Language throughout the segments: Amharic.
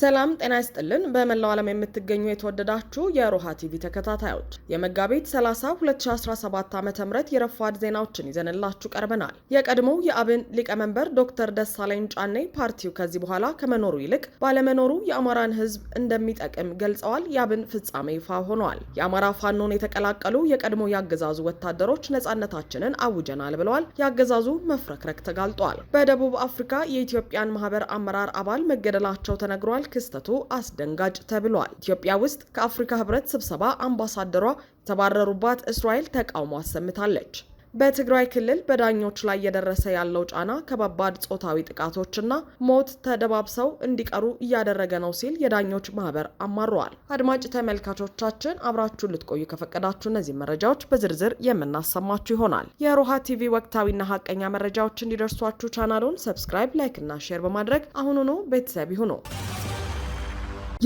ሰላም ጤና ይስጥልን። በመላው ዓለም የምትገኙ የተወደዳችሁ የሮሃ ቲቪ ተከታታዮች የመጋቢት 30 2017 ዓ.ም የረፋድ ዜናዎችን ይዘንላችሁ ቀርበናል። የቀድሞው የአብን ሊቀመንበር ዶክተር ደሳለኝ ጫኔ ፓርቲው ከዚህ በኋላ ከመኖሩ ይልቅ ባለመኖሩ የአማራን ሕዝብ እንደሚጠቅም ገልጸዋል። የአብን ፍጻሜ ይፋ ሆኗል። የአማራ ፋኖን የተቀላቀሉ የቀድሞ የአገዛዙ ወታደሮች ነጻነታችንን አውጀናል ብለዋል። የአገዛዙ መፍረክረክ ተጋልጧል። በደቡብ አፍሪካ የኢትዮጵያን ማህበር አመራር አባል መገደላቸው ተነግሯል። ክስተቱ አስደንጋጭ ተብሏል። ኢትዮጵያ ውስጥ ከአፍሪካ ህብረት ስብሰባ አምባሳደሯ የተባረሩባት እስራኤል ተቃውሞ አሰምታለች። በትግራይ ክልል በዳኞች ላይ እየደረሰ ያለው ጫና ከባባድ ጾታዊ ጥቃቶችና ሞት ተደባብሰው እንዲቀሩ እያደረገ ነው ሲል የዳኞች ማህበር አማረዋል። አድማጭ ተመልካቾቻችን አብራችሁን ልትቆዩ ከፈቀዳችሁ እነዚህ መረጃዎች በዝርዝር የምናሰማችሁ ይሆናል። የሮሃ ቲቪ ወቅታዊና ሀቀኛ መረጃዎች እንዲደርሷችሁ ቻናሉን ሰብስክራይብ፣ ላይክ እና ሼር በማድረግ አሁኑኑ ቤተሰብ ይሁኑ።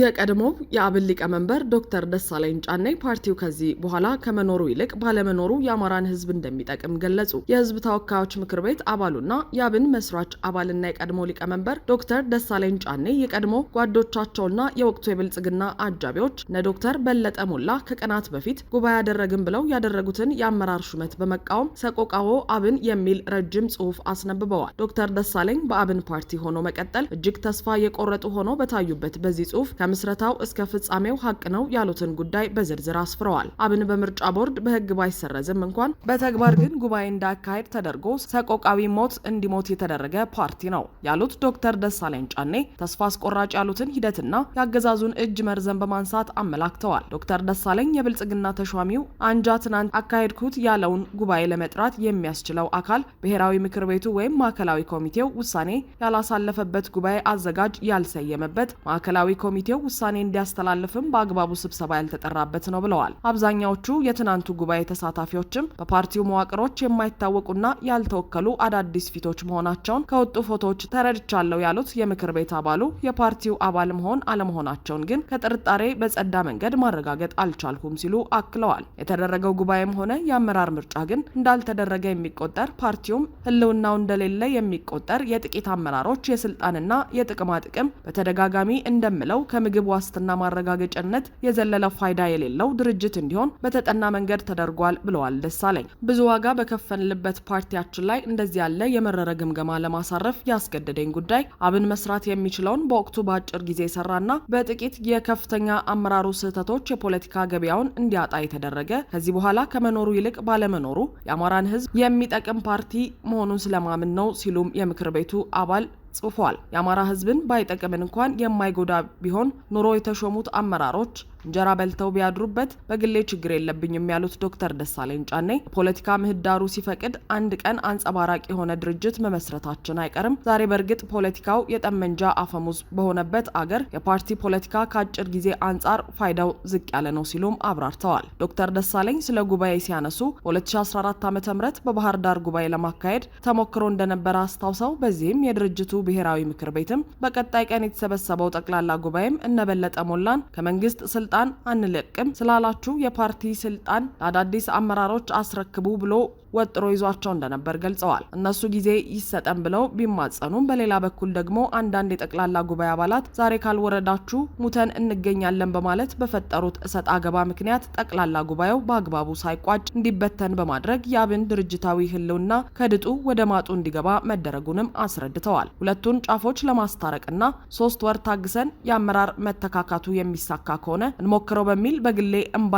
የቀድሞው የአብን ሊቀመንበር ዶክተር ደሳለኝ ጫኔ ፓርቲው ከዚህ በኋላ ከመኖሩ ይልቅ ባለመኖሩ የአማራን ህዝብ እንደሚጠቅም ገለጹ። የህዝብ ተወካዮች ምክር ቤት አባሉና የአብን መስራች አባልና የቀድሞ ሊቀመንበር ዶክተር ደሳለኝ ጫኔ የቀድሞ ጓዶቻቸውና የወቅቱ የብልጽግና አጃቢዎች እነ ዶክተር በለጠ ሞላ ከቀናት በፊት ጉባኤ ያደረግን ብለው ያደረጉትን የአመራር ሹመት በመቃወም ሰቆቃዎ አብን የሚል ረጅም ጽሑፍ አስነብበዋል። ዶክተር ደሳለኝ በአብን ፓርቲ ሆኖ መቀጠል እጅግ ተስፋ የቆረጡ ሆኖ በታዩበት በዚህ ጽሑፍ ከምስረታው እስከ ፍጻሜው ሀቅ ነው ያሉትን ጉዳይ በዝርዝር አስፍረዋል። አብን በምርጫ ቦርድ በህግ ባይሰረዝም እንኳን በተግባር ግን ጉባኤ እንዳካሄድ ተደርጎ ሰቆቃዊ ሞት እንዲሞት የተደረገ ፓርቲ ነው ያሉት ዶክተር ደሳለኝ ጫኔ ተስፋ አስቆራጭ ያሉትን ሂደትና የአገዛዙን እጅ መርዘን በማንሳት አመላክተዋል። ዶክተር ደሳለኝ የብልጽግና ተሿሚው አንጃ ትናንት አካሄድኩት ያለውን ጉባኤ ለመጥራት የሚያስችለው አካል ብሔራዊ ምክር ቤቱ ወይም ማዕከላዊ ኮሚቴው ውሳኔ ያላሳለፈበት ጉባኤ አዘጋጅ ያልሰየመበት ማዕከላዊ ኮሚቴው ጉባኤው ውሳኔ እንዲያስተላልፍም በአግባቡ ስብሰባ ያልተጠራበት ነው ብለዋል። አብዛኛዎቹ የትናንቱ ጉባኤ ተሳታፊዎችም በፓርቲው መዋቅሮች የማይታወቁና ያልተወከሉ አዳዲስ ፊቶች መሆናቸውን ከወጡ ፎቶዎች ተረድቻለሁ ያሉት የምክር ቤት አባሉ የፓርቲው አባል መሆን አለመሆናቸውን ግን ከጥርጣሬ በጸዳ መንገድ ማረጋገጥ አልቻልኩም ሲሉ አክለዋል። የተደረገው ጉባኤም ሆነ የአመራር ምርጫ ግን እንዳልተደረገ የሚቆጠር ፓርቲውም ህልውናው እንደሌለ የሚቆጠር የጥቂት አመራሮች የስልጣንና የጥቅማ ጥቅም በተደጋጋሚ እንደምለው ከ ከምግብ ዋስትና ማረጋገጫነት የዘለለ ፋይዳ የሌለው ድርጅት እንዲሆን በተጠና መንገድ ተደርጓል ብለዋል ደሳለኝ። ብዙ ዋጋ በከፈልንበት ፓርቲያችን ላይ እንደዚህ ያለ የመረረ ግምገማ ለማሳረፍ ያስገደደኝ ጉዳይ አብን መስራት የሚችለውን በወቅቱ በአጭር ጊዜ የሰራና በጥቂት የከፍተኛ አመራሩ ስህተቶች የፖለቲካ ገበያውን እንዲያጣ የተደረገ ከዚህ በኋላ ከመኖሩ ይልቅ ባለመኖሩ የአማራን ሕዝብ የሚጠቅም ፓርቲ መሆኑን ስለማምን ነው ሲሉም የምክር ቤቱ አባል ጽፏል። የአማራ ህዝብን ባይጠቅምን እንኳን የማይጎዳ ቢሆን ኑሮ የተሾሙት አመራሮች እንጀራ በልተው ቢያድሩበት በግሌ ችግር የለብኝም ያሉት ዶክተር ደሳለኝ ጫኔ ፖለቲካ ምህዳሩ ሲፈቅድ አንድ ቀን አንጸባራቂ የሆነ ድርጅት መመስረታችን አይቀርም። ዛሬ በእርግጥ ፖለቲካው የጠመንጃ አፈሙዝ በሆነበት አገር የፓርቲ ፖለቲካ ከአጭር ጊዜ አንጻር ፋይዳው ዝቅ ያለ ነው ሲሉም አብራርተዋል። ዶክተር ደሳለኝ ስለ ጉባኤ ሲያነሱ በ2014 ዓ ም በባህር ዳር ጉባኤ ለማካሄድ ተሞክሮ እንደነበረ አስታውሰው በዚህም የድርጅቱ ብሔራዊ ምክር ቤትም በቀጣይ ቀን የተሰበሰበው ጠቅላላ ጉባኤም እነበለጠ ሞላን ከመንግስት ስልጣን ስልጣን አንለቅም ስላላችሁ የፓርቲ ስልጣን ለአዳዲስ አመራሮች አስረክቡ ብሎ ወጥሮ ይዟቸው እንደነበር ገልጸዋል። እነሱ ጊዜ ይሰጠን ብለው ቢማጸኑም፣ በሌላ በኩል ደግሞ አንዳንድ የጠቅላላ ጉባኤ አባላት ዛሬ ካልወረዳችሁ ሙተን እንገኛለን በማለት በፈጠሩት እሰጥ አገባ ምክንያት ጠቅላላ ጉባኤው በአግባቡ ሳይቋጭ እንዲበተን በማድረግ የአብን ድርጅታዊ ህልውና ከድጡ ወደ ማጡ እንዲገባ መደረጉንም አስረድተዋል። ሁለቱን ጫፎች ለማስታረቅና ሶስት ወር ታግሰን የአመራር መተካካቱ የሚሳካ ከሆነ እንሞክረው በሚል በግሌ እምባ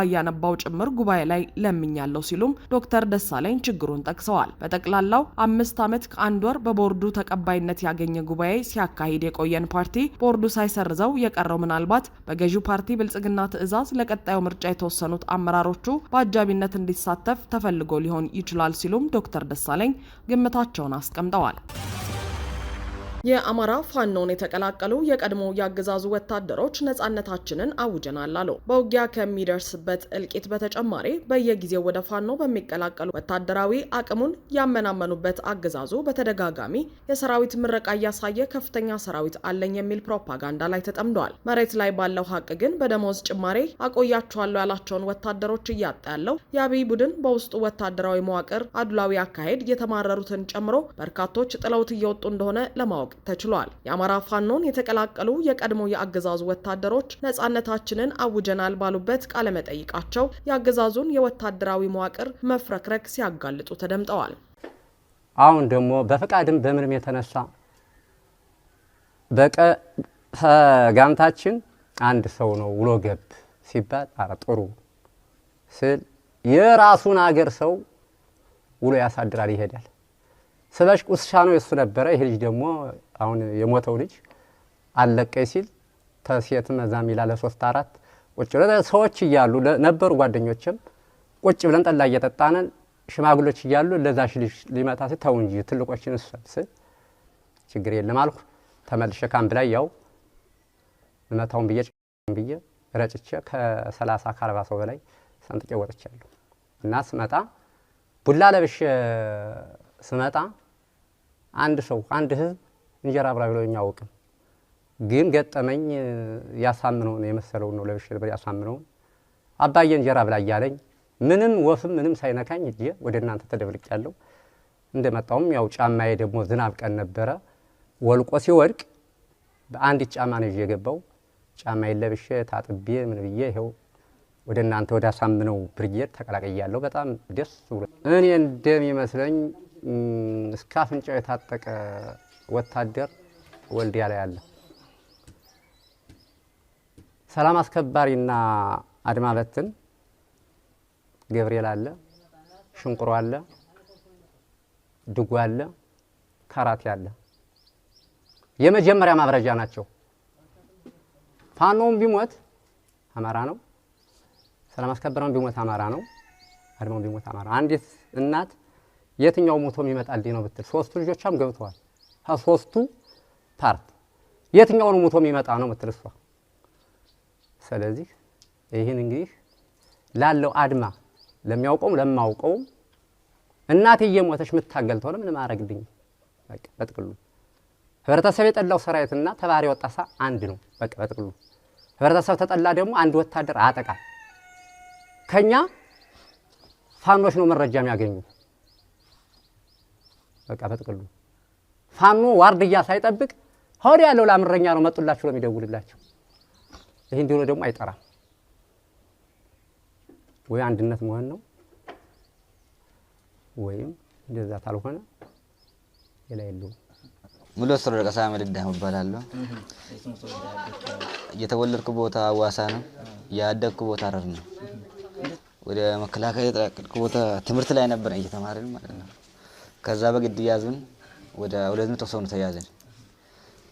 ጭምር ጉባኤ ላይ ለምኛለሁ ሲሉም ዶክተር ደሳለኝ ችግሩን ጠቅሰዋል። በጠቅላላው አምስት ዓመት ከአንድ ወር በቦርዱ ተቀባይነት ያገኘ ጉባኤ ሲያካሂድ የቆየን ፓርቲ ቦርዱ ሳይሰርዘው የቀረው ምናልባት በገዢው ፓርቲ ብልጽግና ትዕዛዝ ለቀጣዩ ምርጫ የተወሰኑት አመራሮቹ በአጃቢነት እንዲሳተፍ ተፈልጎ ሊሆን ይችላል ሲሉም ዶክተር ደሳለኝ ግምታቸውን አስቀምጠዋል። የአማራ ፋኖን የተቀላቀሉ የቀድሞ የአገዛዙ ወታደሮች ነጻነታችንን አውጀናል አሉ። በውጊያ ከሚደርስበት እልቂት በተጨማሪ በየጊዜው ወደ ፋኖ በሚቀላቀሉ ወታደራዊ አቅሙን ያመናመኑበት አገዛዙ በተደጋጋሚ የሰራዊት ምረቃ እያሳየ ከፍተኛ ሰራዊት አለኝ የሚል ፕሮፓጋንዳ ላይ ተጠምደዋል። መሬት ላይ ባለው ሀቅ ግን በደሞዝ ጭማሬ አቆያቸዋለሁ ያላቸውን ወታደሮች እያጣ ያለው የአብይ ቡድን በውስጡ ወታደራዊ መዋቅር አድላዊ አካሄድ የተማረሩትን ጨምሮ በርካቶች ጥለውት እየወጡ እንደሆነ ለማወቅ ማወቅ ተችሏል። የአማራ ፋኖን የተቀላቀሉ የቀድሞ የአገዛዙ ወታደሮች ነጻነታችንን አውጀናል ባሉበት ቃለመጠይቃቸው የአገዛዙን የወታደራዊ መዋቅር መፍረክረክ ሲያጋልጡ ተደምጠዋል። አሁን ደግሞ በፈቃድም በምንም የተነሳ በጋምታችን አንድ ሰው ነው ውሎ ገብ ሲባል አረ ጥሩ ስል የራሱን አገር ሰው ውሎ ያሳድራል ይሄዳል። ስለሽ ቁስሻ ነው የሱ ነበረ። ይሄ ልጅ ደግሞ አሁን የሞተው ልጅ አለቀ ሲል ተሴት መዛም ይላለ ሶስት አራት ቁጭ ብለን ሰዎች እያሉ ነበሩ ጓደኞችም ቁጭ ብለን ጠላ እየጠጣን ሽማግሎች እያሉ ለዛሽ ልጅ ሊመታ ሲል ተው እንጂ ትልቆችን ስል ችግር የለም አልኩ። ተመልሸ ካምብ ላይ ያው እመታውን ብዬ ብዬ ረጭቼ ከሰላሳ ከአርባ ሰው በላይ ሰንጥቄ ወጥቻለሁ እና ስመጣ ቡላ ለብሼ ስመጣ አንድ ሰው አንድ ህዝብ እንጀራ አብላ ብሎ አያውቅም። ግን ገጠመኝ ያሳምነውን የመሰለውን ነው ለብሼ ነበር። ያሳምነውን አባዬ እንጀራ ብላ እያለኝ ምንም ወፍም ምንም ሳይነካኝ እጄ ወደ እናንተ ተደብልቅ ያለው እንደመጣውም ያው ጫማዬ ደግሞ ዝናብ ቀን ነበረ። ወልቆ ሲወድቅ በአንዲት ጫማ ነው ይዤ የገባው። ጫማዬን ለብሼ ታጥቤ ምን ብዬ ይኸው ወደ እናንተ ወደ አሳምነው ብርጌድ ተቀላቀያለሁ። በጣም ደስ ብሎ እኔ እንደሚመስለኝ እስከ አፍንጫው የታጠቀ ወታደር ወልዲያ ላይ አለ። ሰላም አስከባሪና አድማ በትን ገብርኤል አለ፣ ሽንቁሮ አለ፣ ድጉ አለ፣ ካራቴ አለ። የመጀመሪያ ማብረጃ ናቸው። ፋኖም ቢሞት አማራ ነው። ሰላም አስከበረውን ቢሞት አማራ ነው። አድማውን ቢሞት አማራ አንዲት እናት የትኛው ሞቶ የሚመጣልኝ ነው ብትል ሶስቱ ልጆቿም ገብተዋል። ከሶስቱ ፓርት ነው ሞቶ የሚመጣ ነው ምትል እሷ። ስለዚህ ይህን እንግዲህ ላለው አድማ ለሚያውቀውም ለማውቀውም እናቴ እየሞተች የምታገል ተሆነ ምንም አያረግልኝም። በጥቅሉ ህብረተሰብ የጠላው ሰራዊትና ተባሪ ወጣሳ አንድ ነው። በቃ በጥቅሉ ህብረተሰብ ተጠላ ደግሞ አንድ ወታደር አጠቃል ከኛ ፋኖች ነው መረጃ የሚያገኙ በቃ በጥቅሉ ፋኖ ዋርድያ ሳይጠብቅ ሆድ ያለው ላምረኛ ነው መጡላችሁ ነው የሚደውልላቸው። ይህ እንዲሆነ ደግሞ አይጠራም። ወይ አንድነት መሆን ነው ወይም እንደዛ ካልሆነ ሌላ የለውም። ሙሉ ስሮ ደቀሳ መልዳህ እባላለሁ። የተወለድኩ ቦታ አዋሳ ነው። ያደግኩ ቦታ ሀረር ነው። ወደ መከላከያ የተቀላቀልኩ ቦታ ትምህርት ላይ ነበር እየተማርን ማለት ነው። ከዛ በግድ ያዙን። ወደ ሁለት መቶ ሰው ነው ተያዘን።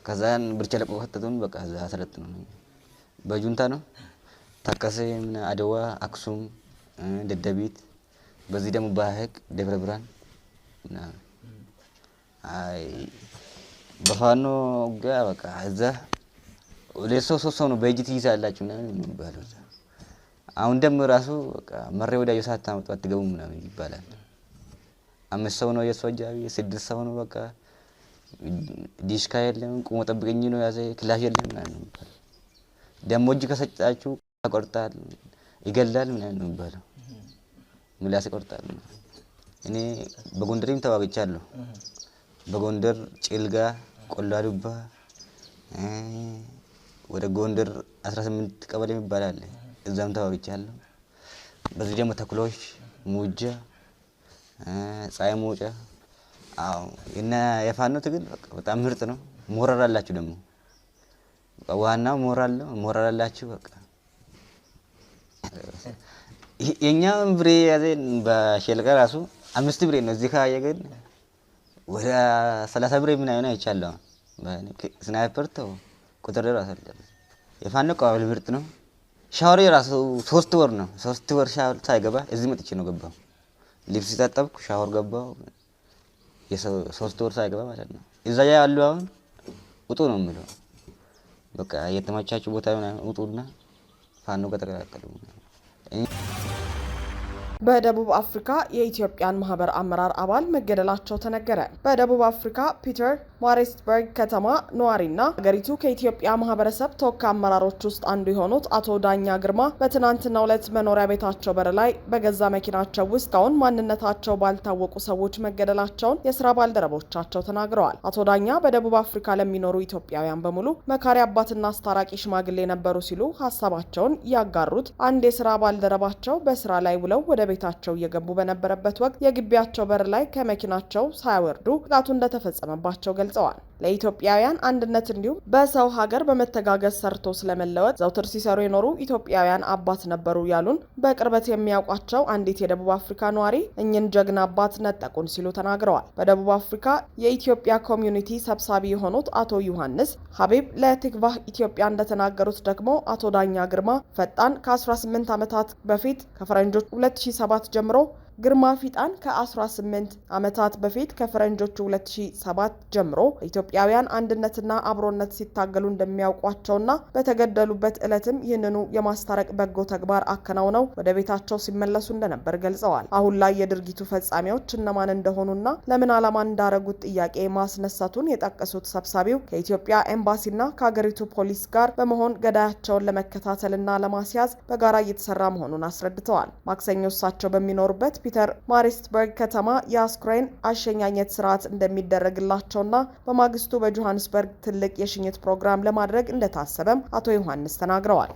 ከዛን ብርቻ ለቀው ከተቱን። በቃ እዛ ተለጥኑ በጁንታ ነው ታከሰ። ምን አድዋ፣ አክሱም፣ ደደቢት በዚህ ደግሞ ባህቅ፣ ደብረ ብርሃን በፋኖ ጋ በቃ እዛ ሁለት ሰው ሶስት ሰው ነው በእጅ ትይዛ ያላችሁ ምናምን የሚባለው። አሁን ደግሞ ራሱ በቃ መሬ ወዳጆ ሳታመጡ አትገቡ ምናምን ይባላል። አምስት ሰው ነው የእሱ አጃቢ፣ ስድስት ሰው ነው በቃ ዲሽካ የለም፣ ቁሞ ጠብቀኝ ነው ያዘ፣ ክላሽ የለም ምናምን ነው ደሞ እጅ ከሰጣችሁ ያቆርጣል፣ ይገላል ምናምን ነው የሚባለው። ምላስ ይቆርጣል። እኔ በጎንደርም ተዋግቻለሁ። በጎንደር ጭልጋ፣ ቆላ ዱባ፣ ወደ ጎንደር 18 ቀበሌ የሚባል አለ፣ እዛም ተዋግቻለሁ። በዚህ ደግሞ ተኩሎች ሙጃ ፀሐይ መውጫ። አዎ እና የፋኖ ትግል በጣም ምርጥ ነው። ሞራል አላችሁ ደግሞ ዋናው ሞራል ነው። ሞራል አላችሁ በቃ የኛም ብሬ ያዘን በሸልቀ ራሱ አምስት ብሬ ነው። እዚህ ካየ ግን ወደ ሰላሳ ብሬ ምን አይሆን አይቻለሁ። ስናይፐር ተው ቁጥር ራሱ የፋኖ ቀባበል ምርጥ ነው። ሻወር ራሱ ሶስት ወር ነው። ሶስት ወር ሻወር ሳይገባ እዚህ መጥቼ ነው ገባው። ልብስ ታጠብኩ፣ ሻወር ገባሁ። የሶስት ወር ሳይገባ ማለት ነው። እዛ ያ ያሉ አሁን ውጡ ነው የሚለው። በቃ የተመቻችሁ ቦታ ውጡና ፋኖ ከተቀላቀሉ በደቡብ አፍሪካ የኢትዮጵያን ማህበር አመራር አባል መገደላቸው ተነገረ። በደቡብ አፍሪካ ፒተር ማሪስበርግ ከተማ ነዋሪና ሀገሪቱ ከኢትዮጵያ ማህበረሰብ ተወካይ አመራሮች ውስጥ አንዱ የሆኑት አቶ ዳኛ ግርማ በትናንትናው ዕለት መኖሪያ ቤታቸው በር ላይ በገዛ መኪናቸው ውስጥ እስካሁን ማንነታቸው ባልታወቁ ሰዎች መገደላቸውን የስራ ባልደረቦቻቸው ተናግረዋል። አቶ ዳኛ በደቡብ አፍሪካ ለሚኖሩ ኢትዮጵያውያን በሙሉ መካሪ አባትና አስታራቂ ሽማግሌ ነበሩ ሲሉ ሀሳባቸውን ያጋሩት አንድ የስራ ባልደረባቸው በስራ ላይ ውለው ወደ ቤታቸው እየገቡ በነበረበት ወቅት የግቢያቸው በር ላይ ከመኪናቸው ሳይወርዱ ጥቃቱ እንደተፈጸመባቸው ገልጸዋል። ለኢትዮጵያውያን አንድነት እንዲሁም በሰው ሀገር በመተጋገዝ ሰርቶ ስለመለወጥ ዘውትር ሲሰሩ የኖሩ ኢትዮጵያውያን አባት ነበሩ ያሉን በቅርበት የሚያውቋቸው አንዲት የደቡብ አፍሪካ ነዋሪ እኝን ጀግና አባት ነጠቁን ሲሉ ተናግረዋል። በደቡብ አፍሪካ የኢትዮጵያ ኮሚዩኒቲ ሰብሳቢ የሆኑት አቶ ዮሐንስ ሀቢብ ለትግቫህ ኢትዮጵያ እንደተናገሩት ደግሞ አቶ ዳኛ ግርማ ፈጣን ከ18 ዓመታት በፊት ከፈረንጆች 20 ሰባት ጀምሮ ግርማ ፊጣን ከ18 ዓመታት በፊት ከፈረንጆቹ 2007 ጀምሮ ኢትዮጵያውያን አንድነትና አብሮነት ሲታገሉ እንደሚያውቋቸውና በተገደሉበት ዕለትም ይህንኑ የማስታረቅ በጎ ተግባር አከናውነው ወደ ቤታቸው ሲመለሱ እንደነበር ገልጸዋል። አሁን ላይ የድርጊቱ ፈጻሚዎች እነማን እንደሆኑና ለምን ዓላማ እንዳረጉት ጥያቄ ማስነሳቱን የጠቀሱት ሰብሳቢው ከኢትዮጵያ ኤምባሲና ከሀገሪቱ ፖሊስ ጋር በመሆን ገዳያቸውን ለመከታተልና ለማስያዝ በጋራ እየተሰራ መሆኑን አስረድተዋል። ማክሰኞ እሳቸው በሚኖሩበት ፒተር ማሪስትበርግ ከተማ የአስክሬን አሸኛኘት ስርዓት እንደሚደረግላቸውና በማግስቱ በጆሃንስበርግ ትልቅ የሽኝት ፕሮግራም ለማድረግ እንደታሰበም አቶ ዮሐንስ ተናግረዋል።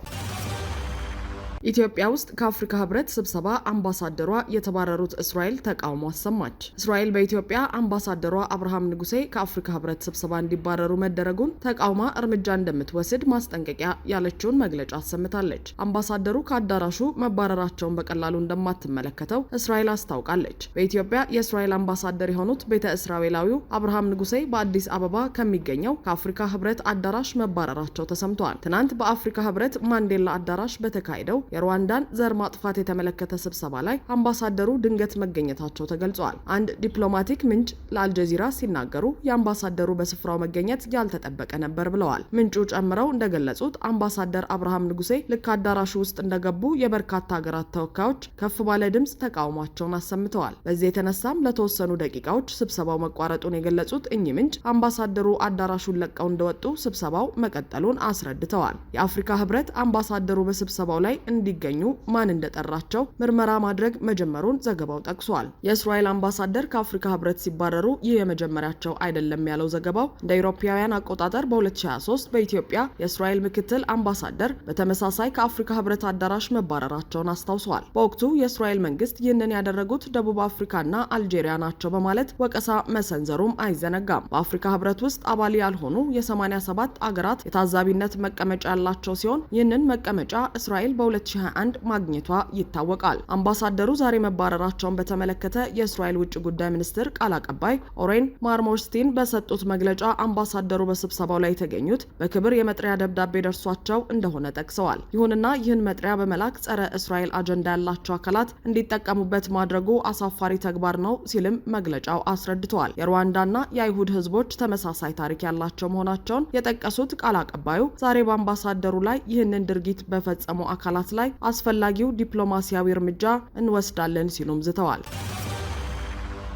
ኢትዮጵያ ውስጥ ከአፍሪካ ህብረት ስብሰባ አምባሳደሯ የተባረሩት እስራኤል ተቃውሞ አሰማች። እስራኤል በኢትዮጵያ አምባሳደሯ አብርሃም ንጉሴ ከአፍሪካ ህብረት ስብሰባ እንዲባረሩ መደረጉን ተቃውማ እርምጃ እንደምትወስድ ማስጠንቀቂያ ያለችውን መግለጫ አሰምታለች። አምባሳደሩ ከአዳራሹ መባረራቸውን በቀላሉ እንደማትመለከተው እስራኤል አስታውቃለች። በኢትዮጵያ የእስራኤል አምባሳደር የሆኑት ቤተ እስራኤላዊው አብርሃም ንጉሴ በአዲስ አበባ ከሚገኘው ከአፍሪካ ህብረት አዳራሽ መባረራቸው ተሰምተዋል። ትናንት በአፍሪካ ህብረት ማንዴላ አዳራሽ በተካሄደው የሩዋንዳን ዘር ማጥፋት የተመለከተ ስብሰባ ላይ አምባሳደሩ ድንገት መገኘታቸው ተገልጿል። አንድ ዲፕሎማቲክ ምንጭ ለአልጀዚራ ሲናገሩ የአምባሳደሩ በስፍራው መገኘት ያልተጠበቀ ነበር ብለዋል። ምንጩ ጨምረው እንደገለጹት አምባሳደር አብርሃም ንጉሴ ልክ አዳራሹ ውስጥ እንደገቡ የበርካታ ሀገራት ተወካዮች ከፍ ባለ ድምፅ ተቃውሟቸውን አሰምተዋል። በዚህ የተነሳም ለተወሰኑ ደቂቃዎች ስብሰባው መቋረጡን የገለጹት እኚህ ምንጭ አምባሳደሩ አዳራሹን ለቀው እንደወጡ ስብሰባው መቀጠሉን አስረድተዋል። የአፍሪካ ህብረት አምባሳደሩ በስብሰባው ላይ እንዲገኙ ማን እንደጠራቸው ምርመራ ማድረግ መጀመሩን ዘገባው ጠቅሷል። የእስራኤል አምባሳደር ከአፍሪካ ህብረት ሲባረሩ ይህ የመጀመሪያቸው አይደለም ያለው ዘገባው እንደ አውሮፓውያን አቆጣጠር በ2023 በኢትዮጵያ የእስራኤል ምክትል አምባሳደር በተመሳሳይ ከአፍሪካ ህብረት አዳራሽ መባረራቸውን አስታውሰዋል። በወቅቱ የእስራኤል መንግስት ይህንን ያደረጉት ደቡብ አፍሪካና አልጄሪያ ናቸው በማለት ወቀሳ መሰንዘሩም አይዘነጋም። በአፍሪካ ህብረት ውስጥ አባል ያልሆኑ የ87 አገራት የታዛቢነት መቀመጫ ያላቸው ሲሆን ይህንን መቀመጫ እስራኤል በ 2023 2021 ማግኘቷ ይታወቃል። አምባሳደሩ ዛሬ መባረራቸውን በተመለከተ የእስራኤል ውጭ ጉዳይ ሚኒስትር ቃል አቀባይ ኦሬን ማርሞርስቲን በሰጡት መግለጫ አምባሳደሩ በስብሰባው ላይ የተገኙት በክብር የመጥሪያ ደብዳቤ ደርሷቸው እንደሆነ ጠቅሰዋል። ይሁንና ይህን መጥሪያ በመላክ ጸረ እስራኤል አጀንዳ ያላቸው አካላት እንዲጠቀሙበት ማድረጉ አሳፋሪ ተግባር ነው ሲልም መግለጫው አስረድተዋል። የሩዋንዳና የአይሁድ ህዝቦች ተመሳሳይ ታሪክ ያላቸው መሆናቸውን የጠቀሱት ቃል አቀባዩ ዛሬ በአምባሳደሩ ላይ ይህንን ድርጊት በፈጸሙ አካላት ላይ ላይ አስፈላጊው ዲፕሎማሲያዊ እርምጃ እንወስዳለን ሲሉም ዝተዋል።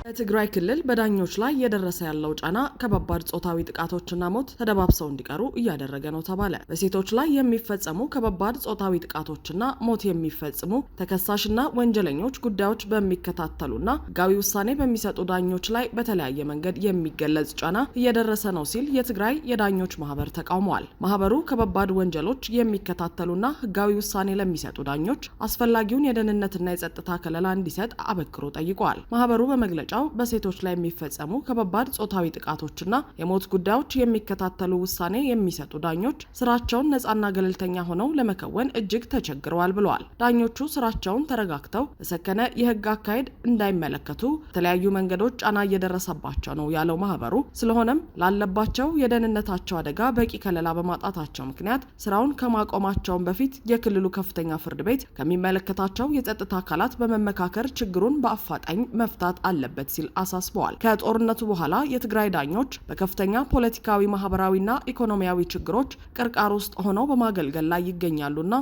በትግራይ ክልል በዳኞች ላይ እየደረሰ ያለው ጫና ከባባድ ጾታዊ ጥቃቶችና ሞት ተደባብሰው እንዲቀሩ እያደረገ ነው ተባለ። በሴቶች ላይ የሚፈጸሙ ከባባድ ጾታዊ ጥቃቶችና ሞት የሚፈጽሙ ተከሳሽና ወንጀለኞች ጉዳዮች በሚከታተሉና ሕጋዊ ውሳኔ በሚሰጡ ዳኞች ላይ በተለያየ መንገድ የሚገለጽ ጫና እየደረሰ ነው ሲል የትግራይ የዳኞች ማህበር ተቃውሟል። ማህበሩ ከባባድ ወንጀሎች የሚከታተሉና ህጋዊ ውሳኔ ለሚሰጡ ዳኞች አስፈላጊውን የደህንነትና የጸጥታ ከለላ እንዲሰጥ አበክሮ ጠይቋል። ማህበሩ በመግለጫው ሌላው በሴቶች ላይ የሚፈጸሙ ከባባድ ጾታዊ ጥቃቶችና የሞት ጉዳዮች የሚከታተሉ ውሳኔ የሚሰጡ ዳኞች ስራቸውን ነጻና ገለልተኛ ሆነው ለመከወን እጅግ ተቸግረዋል ብለዋል። ዳኞቹ ስራቸውን ተረጋግተው የሰከነ የህግ አካሄድ እንዳይመለከቱ የተለያዩ መንገዶች ጫና እየደረሰባቸው ነው ያለው ማህበሩ፣ ስለሆነም ላለባቸው የደህንነታቸው አደጋ በቂ ከለላ በማጣታቸው ምክንያት ስራውን ከማቆማቸውን በፊት የክልሉ ከፍተኛ ፍርድ ቤት ከሚመለከታቸው የጸጥታ አካላት በመመካከር ችግሩን በአፋጣኝ መፍታት አለበት አለበት ሲል አሳስበዋል። ከጦርነቱ በኋላ የትግራይ ዳኞች በከፍተኛ ፖለቲካዊ፣ ማህበራዊና ኢኮኖሚያዊ ችግሮች ቅርቃር ውስጥ ሆነው በማገልገል ላይ ይገኛሉና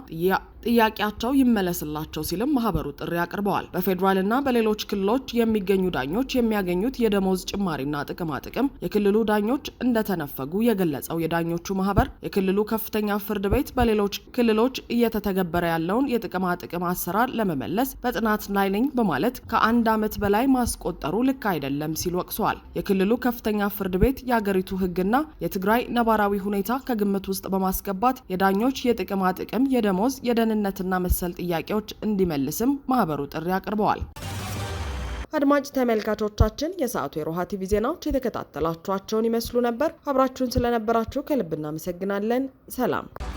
ጥያቄያቸው ይመለስላቸው ሲልም ማህበሩ ጥሪ አቅርበዋል። በፌዴራልና በሌሎች ክልሎች የሚገኙ ዳኞች የሚያገኙት የደሞዝ ጭማሪና ጥቅም የክልሉ ዳኞች እንደተነፈጉ የገለጸው የዳኞቹ ማህበር የክልሉ ከፍተኛ ፍርድ ቤት በሌሎች ክልሎች እየተተገበረ ያለውን ጥቅም አሰራር ለመመለስ በጥናት ላይ ነኝ በማለት ከአንድ ዓመት በላይ ማስቆጠሩ ልክ አይደለም ሲል ወቅሰዋል። የክልሉ ከፍተኛ ፍርድ ቤት የአገሪቱ ህግና የትግራይ ነባራዊ ሁኔታ ከግምት ውስጥ በማስገባት የዳኞች ጥቅም የደሞዝ የደን ደህንነትና መሰል ጥያቄዎች እንዲመልስም ማህበሩ ጥሪ አቅርበዋል። አድማጭ ተመልካቾቻችን የሰዓቱ የሮሃ ቲቪ ዜናዎች የተከታተላችኋቸውን ይመስሉ ነበር። አብራችሁን ስለነበራችሁ ከልብ እናመሰግናለን። ሰላም